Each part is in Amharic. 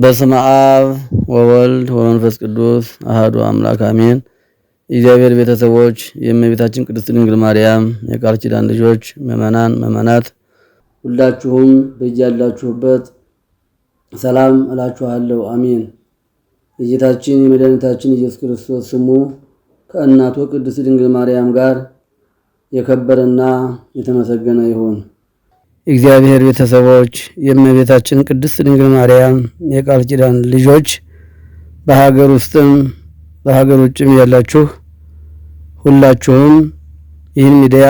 በስመ አብ ወወልድ ወመንፈስ ቅዱስ አህዱ አምላክ አሜን። እግዚአብሔር ቤተሰቦች፣ የእመቤታችን ቅድስት ድንግል ማርያም የቃል ኪዳን ልጆች፣ ምዕመናን ምዕመናት ሁላችሁም በያላችሁበት ሰላም እላችኋለሁ። አሜን። የጌታችን የመድኃኒታችን ኢየሱስ ክርስቶስ ስሙ ከእናቱ ቅድስት ድንግል ማርያም ጋር የከበረና የተመሰገነ ይሁን። የእግዚአብሔር ቤተሰቦች የእመቤታችን ቅድስት ድንግል ማርያም የቃል ኪዳን ልጆች በሀገር ውስጥም በሀገር ውጭም ያላችሁ ሁላችሁም ይህን ሚዲያ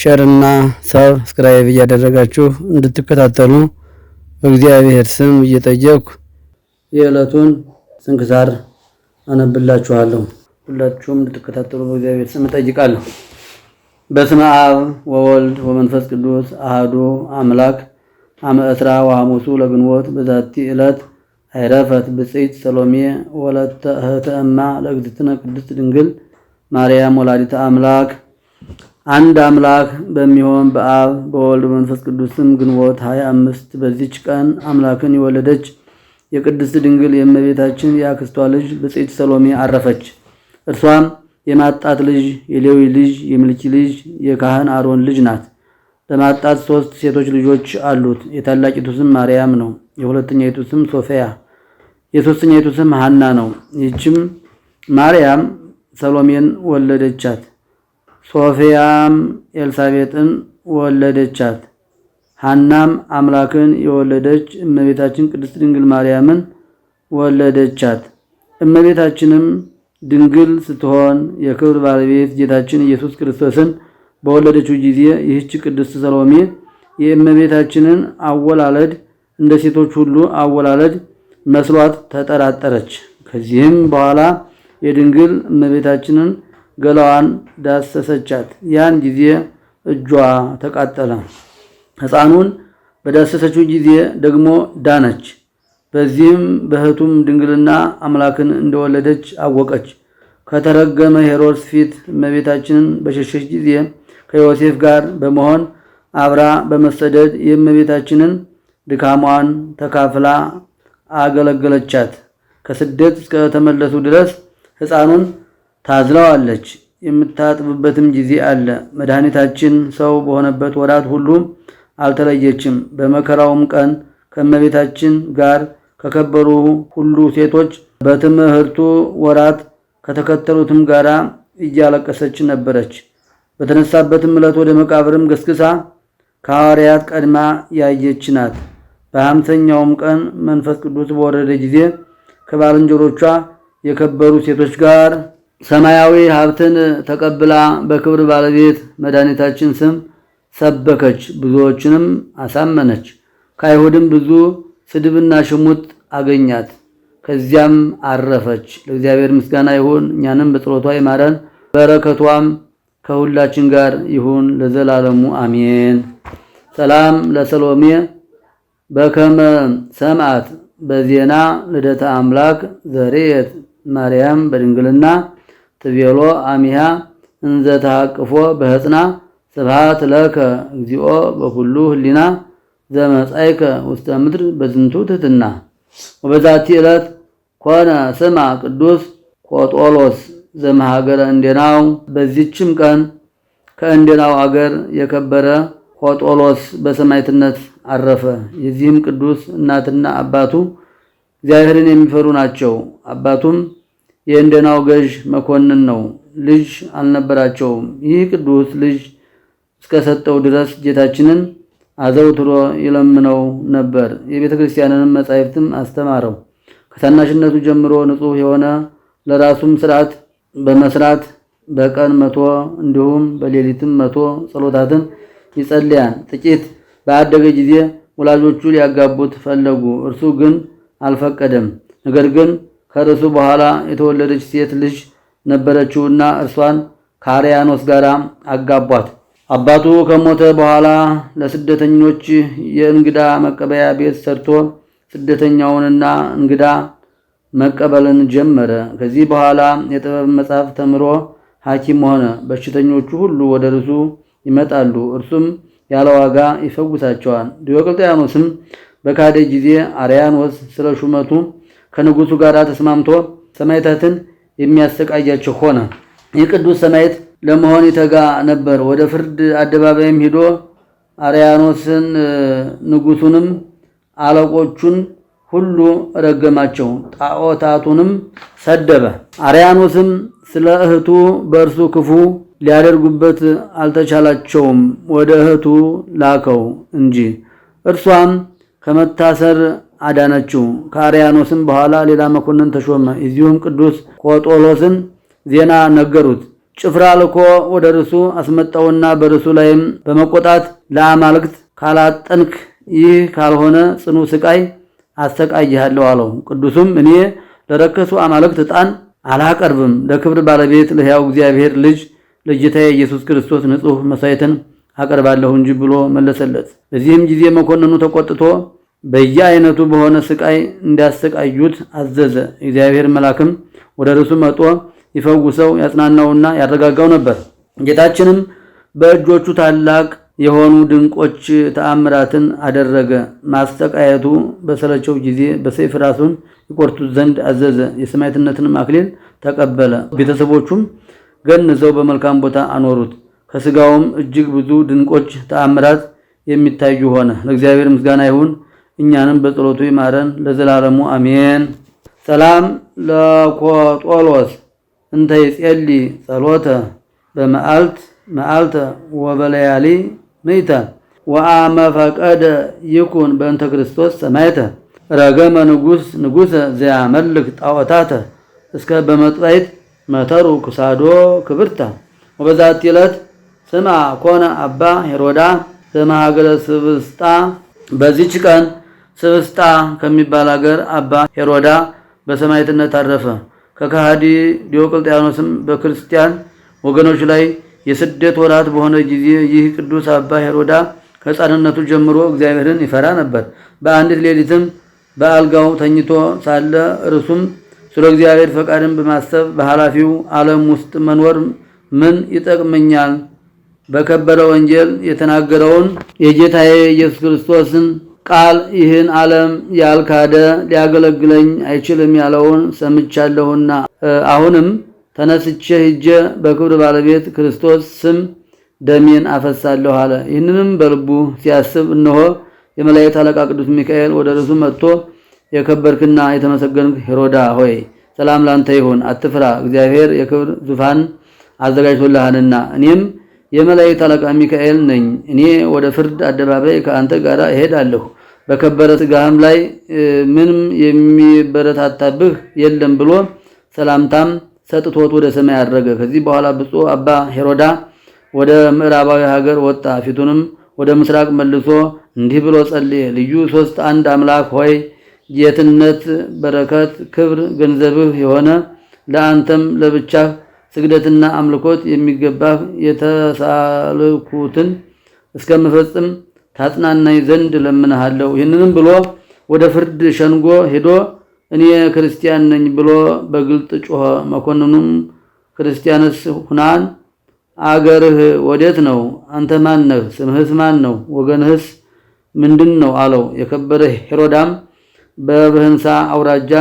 ሸርና ሰብስክራይብ እያደረጋችሁ እንድትከታተሉ በእግዚአብሔር ስም እየጠየኩ የዕለቱን ስንክሳር አነብላችኋለሁ። ሁላችሁም እንድትከታተሉ በእግዚአብሔር ስም እጠይቃለሁ። በስመ አብ ወወልድ ወመንፈስ ቅዱስ አህዱ አምላክ አመ ዕስራ ወሐሙሱ ለግንቦት በዛቲ ዕለት አይረፈት ብፅዕት ሰሎሜ ወለተ እህተ እማ ለእግዝእትነ ቅድስት ድንግል ማርያም ወላዲተ አምላክ። አንድ አምላክ በሚሆን በአብ በወልድ በመንፈስ ቅዱስም ግንቦት ሀያ አምስት በዚች ቀን አምላክን የወለደች የቅድስት ድንግል የእመቤታችን የአክስቷ ልጅ ብፅዕት ሰሎሜ አረፈች። እርሷም የማጣት ልጅ የሌዊ ልጅ የምልኪ ልጅ የካህን አሮን ልጅ ናት። ለማጣት ሶስት ሴቶች ልጆች አሉት። የታላቂቱ ስም ማርያም ነው። የሁለተኛይቱ ስም ሶፊያ፣ የሶስተኛይቱ ስም ሃና ነው። ይህችም ማርያም ሰሎሜን ወለደቻት። ሶፊያም ኤልሳቤጥን ወለደቻት። ሃናም አምላክን የወለደች እመቤታችን ቅድስት ድንግል ማርያምን ወለደቻት። እመቤታችንም ድንግል ስትሆን የክብር ባለቤት ጌታችን ኢየሱስ ክርስቶስን በወለደችው ጊዜ ይህች ቅድስት ሰሎሜ የእመቤታችንን አወላለድ እንደ ሴቶች ሁሉ አወላለድ መስሏት ተጠራጠረች። ከዚህም በኋላ የድንግል እመቤታችንን ገላዋን ዳሰሰቻት። ያን ጊዜ እጇ ተቃጠለ። ሕፃኑን በዳሰሰችው ጊዜ ደግሞ ዳነች። በዚህም በእህቱም ድንግልና አምላክን እንደወለደች አወቀች። ከተረገመ ሄሮድስ ፊት እመቤታችንን በሸሸች ጊዜ ከዮሴፍ ጋር በመሆን አብራ በመሰደድ የእመቤታችንን ድካሟን ተካፍላ አገለገለቻት። ከስደት እስከ ተመለሱ ድረስ ሕፃኑን ታዝለዋለች። የምታጥብበትም ጊዜ አለ። መድኃኒታችን ሰው በሆነበት ወራት ሁሉ አልተለየችም። በመከራውም ቀን ከእመቤታችን ጋር ከከበሩ ሁሉ ሴቶች በትምህርቱ ወራት ከተከተሉትም ጋራ እያለቀሰች ነበረች። በተነሳበትም ዕለት ወደ መቃብርም ገስግሳ ከሐዋርያት ቀድማ ያየች ናት። በሀምሰኛውም ቀን መንፈስ ቅዱስ በወረደ ጊዜ ከባልንጀሮቿ የከበሩ ሴቶች ጋር ሰማያዊ ሀብትን ተቀብላ በክብር ባለቤት መድኃኒታችን ስም ሰበከች፣ ብዙዎችንም አሳመነች። ከአይሁድም ብዙ ስድብና ሽሙጥ አገኛት። ከዚያም አረፈች። ለእግዚአብሔር ምስጋና ይሁን፣ እኛንም በጸሎቷ ይማረን፣ በረከቷም ከሁላችን ጋር ይሁን ለዘላለሙ አሜን። ሰላም ለሰሎሜ በከመ ሰምዓት በዜና ልደተ አምላክ ዘሬት ማርያም በድንግልና ትቤሎ አሚያ እንዘ ተሃቅፎ በህፅና ስብሐት ለከ እግዚኦ በኩሉ ህሊና ዘመጻይከ ውስተ ምድር በዝንቱ ትህትና ወበዛቲ ዕለት ኮነ ስማ ቅዱስ ቆጦሎስ ዘመሃገረ እንዴናው። በዚችም ቀን ከእንዴናው አገር የከበረ ቆጦሎስ በሰማይትነት አረፈ። የዚህም ቅዱስ እናትና አባቱ እግዚአብሔርን የሚፈሩ ናቸው። አባቱም የእንዴናው ገዥ መኮንን ነው። ልጅ አልነበራቸውም። ይህ ቅዱስ ልጅ እስከሰጠው ድረስ ጌታችንን አዘውትሮ ይለምነው ነበር። የቤተ ክርስቲያንንም መጻሕፍትም አስተማረው። ከታናሽነቱ ጀምሮ ንጹሕ የሆነ ለራሱም ስርዓት በመስራት በቀን መቶ እንዲሁም በሌሊትም መቶ ጸሎታትን ይጸልያል። ጥቂት በአደገ ጊዜ ወላጆቹ ሊያጋቡት ፈለጉ። እርሱ ግን አልፈቀደም። ነገር ግን ከርሱ በኋላ የተወለደች ሴት ልጅ ነበረችውና እርሷን ከአርያኖስ ጋር አጋቧት። አባቱ ከሞተ በኋላ ለስደተኞች የእንግዳ መቀበያ ቤት ሰርቶ ስደተኛውንና እንግዳ መቀበልን ጀመረ። ከዚህ በኋላ የጥበብ መጽሐፍ ተምሮ ሐኪም ሆነ። በሽተኞቹ ሁሉ ወደ እርሱ ይመጣሉ፣ እርሱም ያለ ዋጋ ይፈውሳቸዋል። ዲዮቅልጥያኖስም በካደ ጊዜ አርያኖስ ስለ ሹመቱ ከንጉሱ ጋር ተስማምቶ ሰማዕታትን የሚያሰቃያቸው ሆነ። የቅዱስ ሰማዕት ለመሆን ይተጋ ነበር። ወደ ፍርድ አደባባይም ሂዶ አርያኖስን ንጉሱንም አለቆቹን ሁሉ ረገማቸው፣ ጣዖታቱንም ሰደበ። አርያኖስም ስለ እህቱ በእርሱ ክፉ ሊያደርጉበት አልተቻላቸውም፣ ወደ እህቱ ላከው እንጂ እርሷም ከመታሰር አዳነችው። ከአርያኖስም በኋላ ሌላ መኮንን ተሾመ። እዚሁም ቅዱስ ቆጦሎስን ዜና ነገሩት። ጭፍራ ልኮ ወደ ርሱ አስመጣውና በርሱ ላይም በመቆጣት ለአማልክት ካላጠንክ ይህ ካልሆነ ጽኑ ስቃይ አሰቃይሃለሁ አለው። ቅዱሱም እኔ ለረከሱ አማልክት ዕጣን አላቀርብም ለክብር ባለቤት ለሕያው እግዚአብሔር ልጅ ልጅታ ኢየሱስ ክርስቶስ ንጹሕ መሳይትን አቀርባለሁ እንጂ ብሎ መለሰለት። በዚህም ጊዜ መኮንኑ ተቆጥቶ በየአይነቱ በሆነ ስቃይ እንዲያሰቃዩት አዘዘ። እግዚአብሔር መልአክም ወደ ርሱ መጦ ይፈውሰው ያጽናናውና ያረጋጋው ነበር። ጌታችንም በእጆቹ ታላቅ የሆኑ ድንቆች ተአምራትን አደረገ። ማስጠቃየቱ በሰለቸው ጊዜ በሰይፍ ራሱን ይቆርጡት ዘንድ አዘዘ። የሰማዕትነትንም አክሊል ተቀበለ። ቤተሰቦቹም ገንዘው በመልካም ቦታ አኖሩት። ከስጋውም እጅግ ብዙ ድንቆች ተአምራት የሚታዩ ሆነ። ለእግዚአብሔር ምስጋና ይሁን፣ እኛንም በጸሎቱ ይማረን ለዘላለሙ አሜን። ሰላም ለኮጦሎስ እንተ ይጼሊ ጸሎተ በመዓልት መዓልተ ወበለያሊ ምይተ ወአመ ፈቀደ ይኩን በእንተ ክርስቶስ ሰማይተ ረገመ ንጉስ ንጉሰ ዘያመልክ ጣዖታተ እስከ በመጥባይት መተሩ ክሳዶ ክብርተ ወበዛቲ ዕለት ስማ ኮነ አባ ሄሮዳ ዘመሃገረ ስብስጣ በዚች ቀን ስብስጣ ከሚባል አገር አባ ሄሮዳ በሰማዕትነት አረፈ። ከካሃዲ ዲዮቅልጥያኖስም በክርስቲያን ወገኖች ላይ የስደት ወራት በሆነ ጊዜ ይህ ቅዱስ አባ ሄሮዳ ከሕፃንነቱ ጀምሮ እግዚአብሔርን ይፈራ ነበር። በአንዲት ሌሊትም በአልጋው ተኝቶ ሳለ እርሱም ስለ እግዚአብሔር ፈቃድን በማሰብ በኃላፊው ዓለም ውስጥ መኖር ምን ይጠቅመኛል? በከበረ ወንጌል የተናገረውን የጌታዬ ኢየሱስ ክርስቶስን ቃል ይህን ዓለም ያልካደ ሊያገለግለኝ አይችልም ያለውን ሰምቻለሁና አሁንም ተነስቼ ሂጄ በክብር ባለቤት ክርስቶስ ስም ደሜን አፈሳለሁ አለ። ይህንንም በልቡ ሲያስብ እነሆ የመላእክት አለቃ ቅዱስ ሚካኤል ወደ እርሱ መጥቶ የከበርክና የተመሰገንክ ሄሮዳ ሆይ ሰላም ላንተ ይሁን፣ አትፍራ፣ እግዚአብሔር የክብር ዙፋን አዘጋጅቶልሃልና እኔም የመላእክት አለቃ ሚካኤል ነኝ። እኔ ወደ ፍርድ አደባባይ ከአንተ ጋር እሄዳለሁ፣ በከበረ ስጋህም ላይ ምንም የሚበረታታብህ የለም ብሎ ሰላምታም ሰጥቶት ወደ ሰማይ አድረገ። ከዚህ በኋላ ብፁዕ አባ ሄሮዳ ወደ ምዕራባዊ ሀገር ወጣ። ፊቱንም ወደ ምስራቅ መልሶ እንዲህ ብሎ ጸልየ ልዩ ሶስት አንድ አምላክ ሆይ ጌትነት፣ በረከት፣ ክብር ገንዘብህ የሆነ ለአንተም ለብቻህ ስግደትና አምልኮት የሚገባ የተሳልኩትን እስከምፈጽም ታጽናናኝ ዘንድ ለምንሃለሁ። ይህንንም ብሎ ወደ ፍርድ ሸንጎ ሄዶ እኔ ክርስቲያን ነኝ ብሎ በግልጥ ጮኸ። መኮንኑም ክርስቲያንስ ሁናን አገርህ ወዴት ነው? አንተ ማን ነህ? ስምህስ ማን ነው? ወገንህስ ምንድን ነው አለው። የከበረ ሄሮዳም በብህንሳ አውራጃ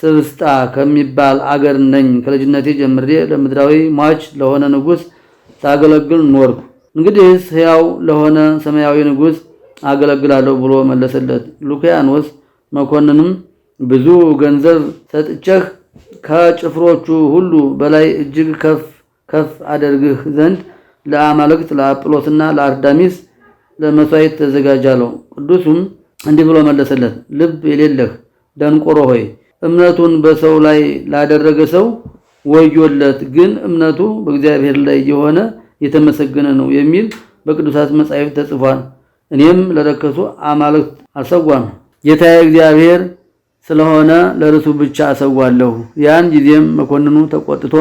ስብስጣ ከሚባል አገር ነኝ። ከልጅነቴ ጀምሬ ለምድራዊ ሟች ለሆነ ንጉሥ ሳገለግል ኖርኩ። እንግዲህስ ሕያው ለሆነ ሰማያዊ ንጉሥ አገለግላለሁ ብሎ መለሰለት። ሉኪያኖስ መኮንንም ብዙ ገንዘብ ሰጥቼህ ከጭፍሮቹ ሁሉ በላይ እጅግ ከፍ ከፍ አደርግህ ዘንድ ለአማልክት ለአጵሎስና ለአርዳሚስ ለመሥዋዕት ተዘጋጃለሁ። ቅዱሱም እንዲህ ብሎ መለሰለት፣ ልብ የሌለህ ደንቆሮ ሆይ እምነቱን በሰው ላይ ላደረገ ሰው ወዮለት፣ ግን እምነቱ በእግዚአብሔር ላይ የሆነ የተመሰገነ ነው የሚል በቅዱሳት መጻሕፍት ተጽፏል። እኔም ለረከሱ አማልክት አልሰዋም፣ ጌታዬ እግዚአብሔር ስለሆነ ለርሱ ብቻ አሰዋለሁ። ያን ጊዜም መኮንኑ ተቆጥቶ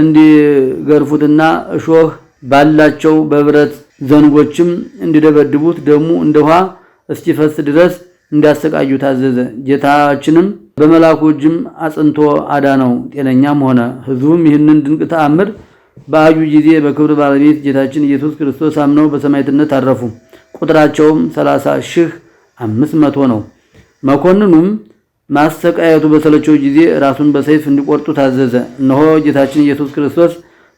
እንዲገርፉትና እሾህ ባላቸው በብረት ዘንጎችም እንዲደበድቡት ደሙ እንደ ውሃ እስኪፈስ ድረስ እንዲያሰቃዩ ታዘዘ። ጌታችንም በመላኩ እጅም አጽንቶ አዳነው፣ ጤነኛም ሆነ። ህዝቡም ይህንን ድንቅ ተአምር በአዩ ጊዜ በክብር ባለቤት ጌታችን ኢየሱስ ክርስቶስ አምነው በሰማዕትነት አረፉ። ቁጥራቸውም ሰላሳ ሺህ አምስት መቶ ነው። መኮንኑም ማሰቃየቱ በሰለቸው ጊዜ ራሱን በሰይፍ እንዲቆርጡ ታዘዘ። እነሆ ጌታችን ኢየሱስ ክርስቶስ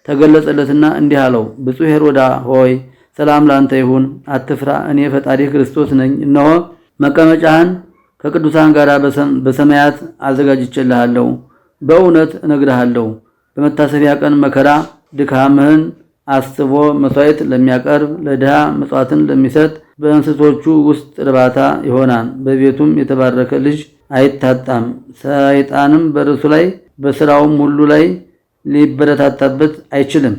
ተገለጸለትና እንዲህ አለው፣ ብፁዕ ሄሮዳ ሆይ ሰላም ላንተ ይሁን፣ አትፍራ፣ እኔ ፈጣሪ ክርስቶስ ነኝ። እነሆ መቀመጫህን ከቅዱሳን ጋር በሰማያት አዘጋጅቼልሃለሁ። በእውነት እነግርሃለሁ በመታሰቢያ ቀን መከራ ድካምህን አስቦ መስዋዕት ለሚያቀርብ ለድሃ መጽዋትን ለሚሰጥ በእንስሶቹ ውስጥ እርባታ ይሆናል። በቤቱም የተባረከ ልጅ አይታጣም። ሰይጣንም በርሱ ላይ በስራውም ሁሉ ላይ ሊበረታታበት አይችልም።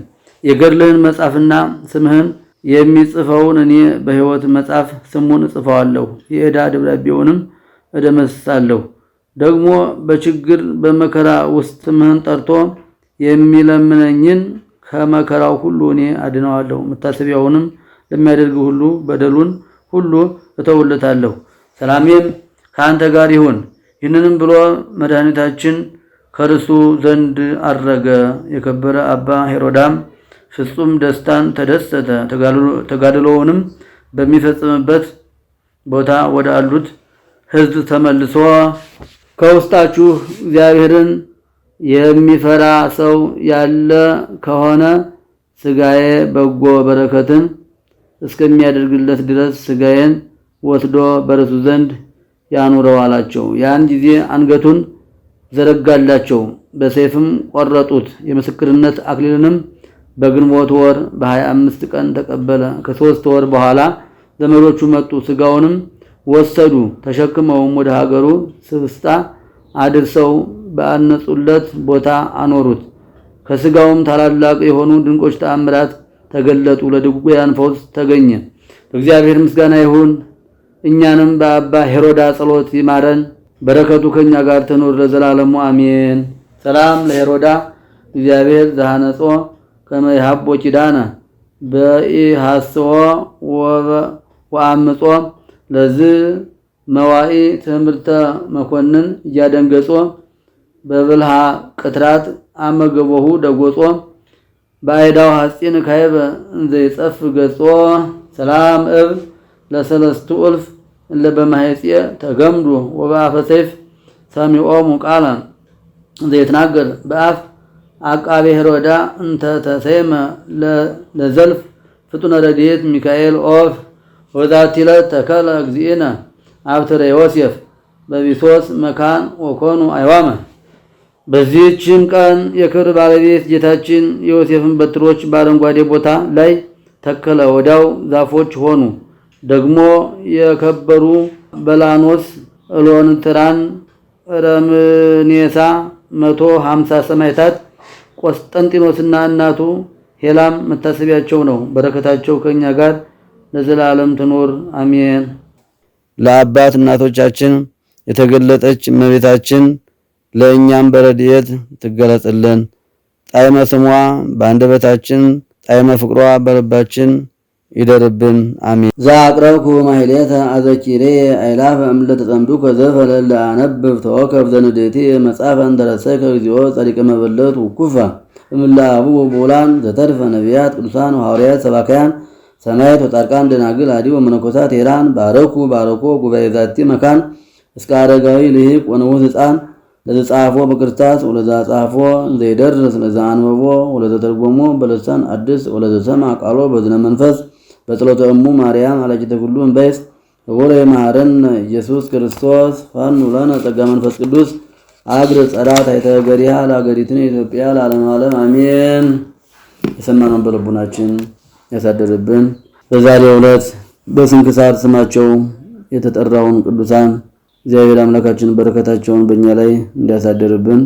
የገድልህን መጽሐፍና ስምህን የሚጽፈውን እኔ በሕይወት መጽሐፍ ስሙን እጽፈዋለሁ። የዕዳ ደብዳቤውንም እደመስሳለሁ። ደግሞ በችግር በመከራ ውስጥ ምህን ጠርቶ የሚለምነኝን ከመከራው ሁሉ እኔ አድነዋለሁ። መታሰቢያውንም ለሚያደርግ ሁሉ በደሉን ሁሉ እተውለታለሁ። ሰላሜም ከአንተ ጋር ይሁን። ይህንንም ብሎ መድኃኒታችን ከርሱ ዘንድ አረገ። የከበረ አባ ሄሮዳም ፍጹም ደስታን ተደሰተ። ተጋድሎውንም በሚፈጽምበት ቦታ ወደ አሉት ህዝብ ተመልሶ ከውስጣችሁ እግዚአብሔርን የሚፈራ ሰው ያለ ከሆነ ስጋዬ በጎ በረከትን እስከሚያደርግለት ድረስ ስጋዬን ወስዶ በርሱ ዘንድ ያኑረው አላቸው። ያን ጊዜ አንገቱን ዘረጋላቸው፣ በሰይፍም ቆረጡት። የምስክርነት አክሊልንም በግንቦት ወር በሀያ አምስት ቀን ተቀበለ። ከሶስት ወር በኋላ ዘመዶቹ መጡ፣ ስጋውንም ወሰዱ። ተሸክመውም ወደ ሀገሩ ስብስታ አድርሰው በአነጹለት ቦታ አኖሩት። ከስጋውም ታላላቅ የሆኑ ድንቆች ተአምራት ተገለጡ። ለድውያን ፈውስ ተገኘ። በእግዚአብሔር ምስጋና ይሁን። እኛንም በአባ ሄሮዳ ጸሎት ይማረን። በረከቱ ከኛ ጋር ትኑር ለዘላለሙ አሜን። ሰላም ለሄሮዳ እግዚአብሔር ዘሐነጾ ከመ ይሃቦ ኪዳነ በኢሐስዎ ወአምጾ ለዚህ መዋኢ ትምህርተ መኮንን እያደንገጾ በብልሃ ቅትራት አመገበሁ ደጎጾ በአይዳው ሐፂን ካይበ እንዘ ይጸፍ ገጾ ሰላም እብ ለሰለስቱ እልፍ እለ በማህጽየ ተገምዱ ወበአፈ ሰይፍ ሰሚዖሙ ቃለ እንዘ ይትናገር በአፍ አቃቤ ሄሮዳ እንተ ተሰይመ ለዘልፍ ፍጡነ ረድኤት ሚካኤል ኦፍ ወዛቲ ተከለ እግዚእነ አብትረ ዮሴፍ በቢሶስ መካን ወኮኑ አይዋመ። በዚህችም ቀን የክብር ባለቤት ጌታችን የዮሴፍን በትሮች በአረንጓዴ ቦታ ላይ ተከለ። ወዲያው ዛፎች ሆኑ። ደግሞ የከበሩ በላኖስ፣ ሎንትራን፣ ረምኔሳ መቶ ሀምሳ ሰማዕታት ቆስጠንጢኖስና እናቱ ሄላም መታሰቢያቸው ነው። በረከታቸው ከእኛ ጋር ለዘላለም ትኖር አሜን። ለአባት እናቶቻችን የተገለጠች እመቤታችን ለእኛም በረድኤት ትገለጽልን። ጣዕመ ስሟ በአንደበታችን ጣዕመ ፍቅሯ በልባችን ይደርብን አሜን። ዘአቅረብኩ ማሕሌተ አዘኪሬ አእላፈ እምለተጸምዱ ከዘፈለ ለአነብብ ተወከፍ ዘንዴቲ መጽሐፈ እንተረሰከ እግዚኦ ጸዲቀ መበለት ውኩፋ እምላቡ ቦላን ዘተርፈ ነቢያት ቅዱሳን ሐዋርያት ሰባካያን ሰማያት ወጻድቃን ደናግል አዲው ወመነኮሳት ሄራን ባረኩ ባረኮ ጉባኤ ዛቲ መካን እስከ አረጋዊ ልሂቅ ወንውት ህፃን ለዘጻፎ በክርታስ ወለዛ ጻፎ ዘይደርስ ለዛ አንበቦ ወለዘ ተርጎሞ በለሳን አዲስ ወለዘ ሰማ ቃሎ በዝነ መንፈስ በጸሎተ እሙ ማርያም አላቂተ ኩሉ እንበይስ ወለ ማረን ኢየሱስ ክርስቶስ ፋኑ ለነ ጸጋ መንፈስ ቅዱስ አግረ ጸራት አይተገሪያ ለሀገሪቱን ኢትዮጵያ ለዓለም ዓለም አሜን። የሰማነውን በልቡናችን ያሳደርብን። በዛሬው ዕለት በስንክሳር ስማቸው የተጠራውን ቅዱሳን እግዚአብሔር አምላካችን በረከታቸውን በእኛ ላይ እንዲያሳደርብን